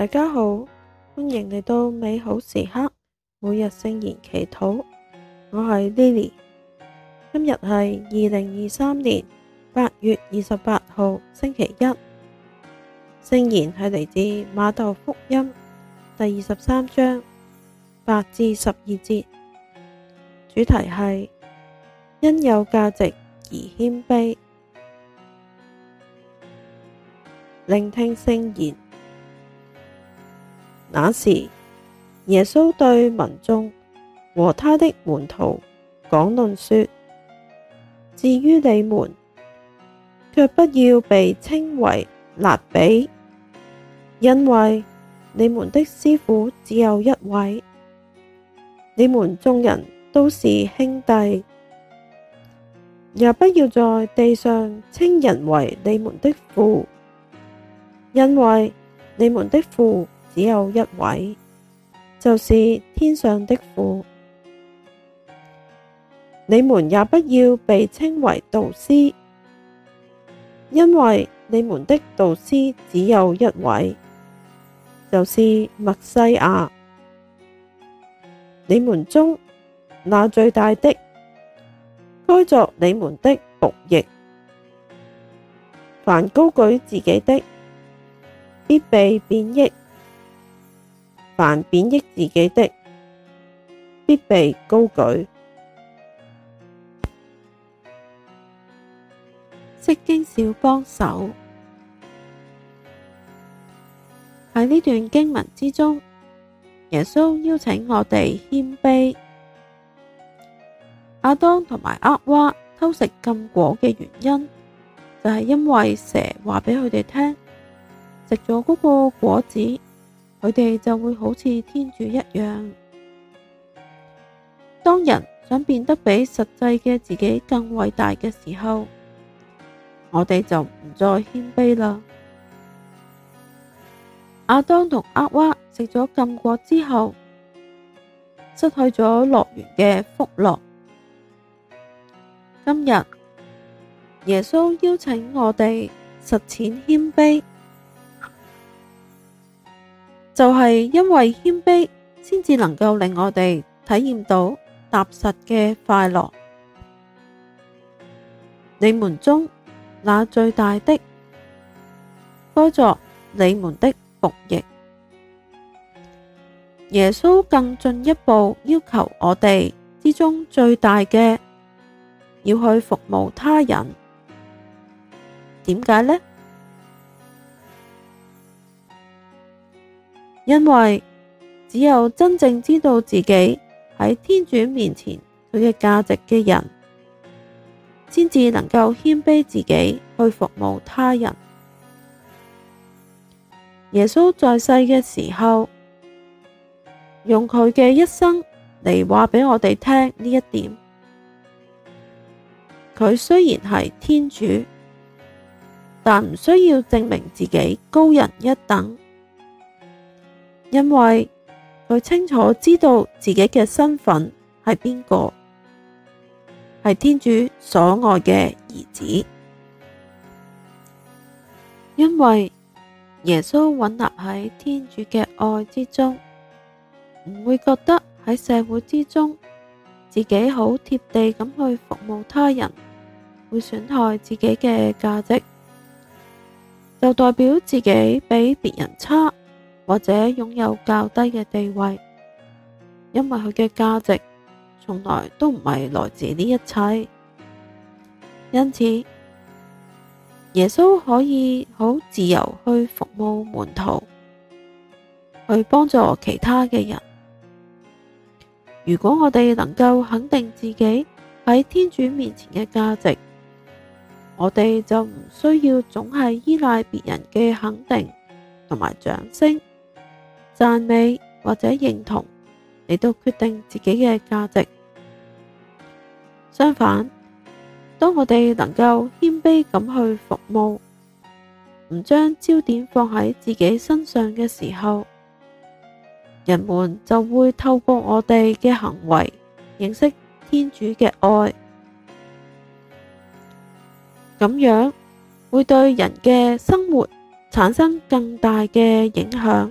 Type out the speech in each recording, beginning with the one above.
大家好，歡迎嚟到美好時刻，每日聖言祈禱，我係 Lily，今日係二零二三年八月二十八號星期一，聖言係嚟自瑪竇福音第二十三章八至十二節，主題係因有價值而謙卑，聆聽聖言。那時，耶穌對民眾和他的門徒講論說：至於你們，卻不要被稱為辣彼，因為你們的師傅只有一位；你們眾人都是兄弟，也不要在地上稱人為你們的父，因為你們的父。只有一位，就是天上的父。你們也不要被稱為導師，因為你們的導師只有一位，就是默西亞。你們中那最大的，該作你們的僕役。凡高舉自己的，必被貶抑。凡貶抑自己的，必被高舉。釋經小幫手。喺呢段經文之中，耶穌邀請我哋謙卑。亞當同埋厄娃偷食禁果嘅原因，就係因為蛇話俾佢哋聽，食咗嗰個果子。佢哋就會好似天主一樣。當人想變得比實際嘅自己更偉大嘅時候，我哋就唔再謙卑啦。亞當同厄娃食咗禁果之後，失去咗樂園嘅福樂。今日耶穌邀請我哋實踐謙卑。就係因為謙卑，先至能夠令我哋體驗到踏實嘅快樂。你們中那最大的，該作你們的僕役。耶穌更進一步要求我哋之中最大嘅，要去服務他人。點解呢？因為只有真正知道自己喺天主面前佢嘅價值嘅人，先至能夠謙卑自己去服務他人。耶穌在世嘅時候，用佢嘅一生嚟話俾我哋聽呢一點。佢雖然係天主，但唔需要證明自己高人一等。因為佢清楚知道自己嘅身份係邊個，係天主所愛嘅兒子。因為耶穌穩立喺天主嘅愛之中，唔會覺得喺社會之中自己好貼地咁去服務他人，會損害自己嘅價值，就代表自己比別人差。或者擁有較低嘅地位，因為佢嘅價值從來都唔係來自呢一切，因此耶穌可以好自由去服務門徒，去幫助其他嘅人。如果我哋能夠肯定自己喺天主面前嘅價值，我哋就唔需要總係依賴別人嘅肯定同埋掌聲。讚美或者認同嚟到決定自己嘅價值。相反，當我哋能夠謙卑咁去服務，唔將焦點放喺自己身上嘅時候，人們就會透過我哋嘅行為認識天主嘅愛。咁樣會對人嘅生活產生更大嘅影響。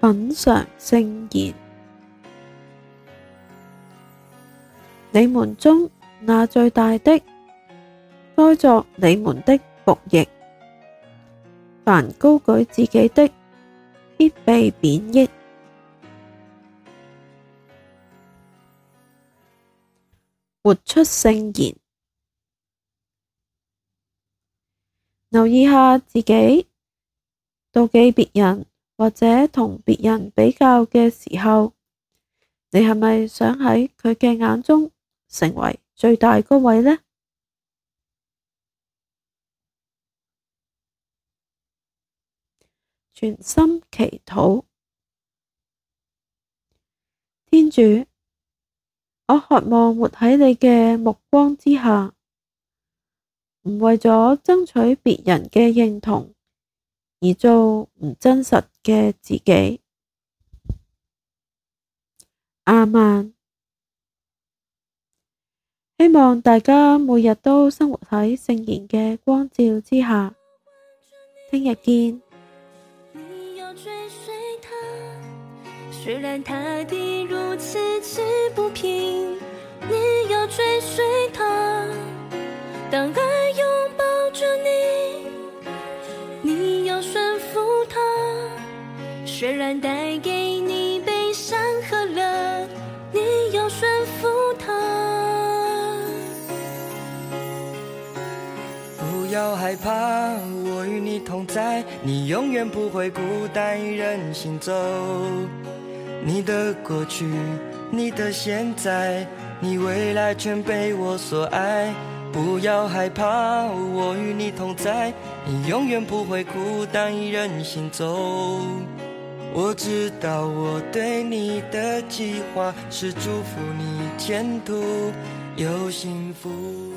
品嚐聖言，你們中那最大的，該作你們的僕役，凡高舉自己的必被貶抑，活出聖言。留意下自己，妒忌別人。或者同別人比較嘅時候，你係咪想喺佢嘅眼中成為最大嗰位呢？全心祈禱，天主，我渴望活喺你嘅目光之下，唔為咗爭取別人嘅認同。而做唔真實嘅自己，阿曼。希望大家每日都生活喺聖言嘅光照之下，聽日見。 自然帶給你悲傷和樂，你要順服它，不要害怕，我與你同在，你永遠不會孤單一人行走。你的過去，你的現在，你未來全被我所愛。不要害怕，我與你同在，你永遠不會孤單一人行走。我知道我對你的計劃是祝福你前途有幸福。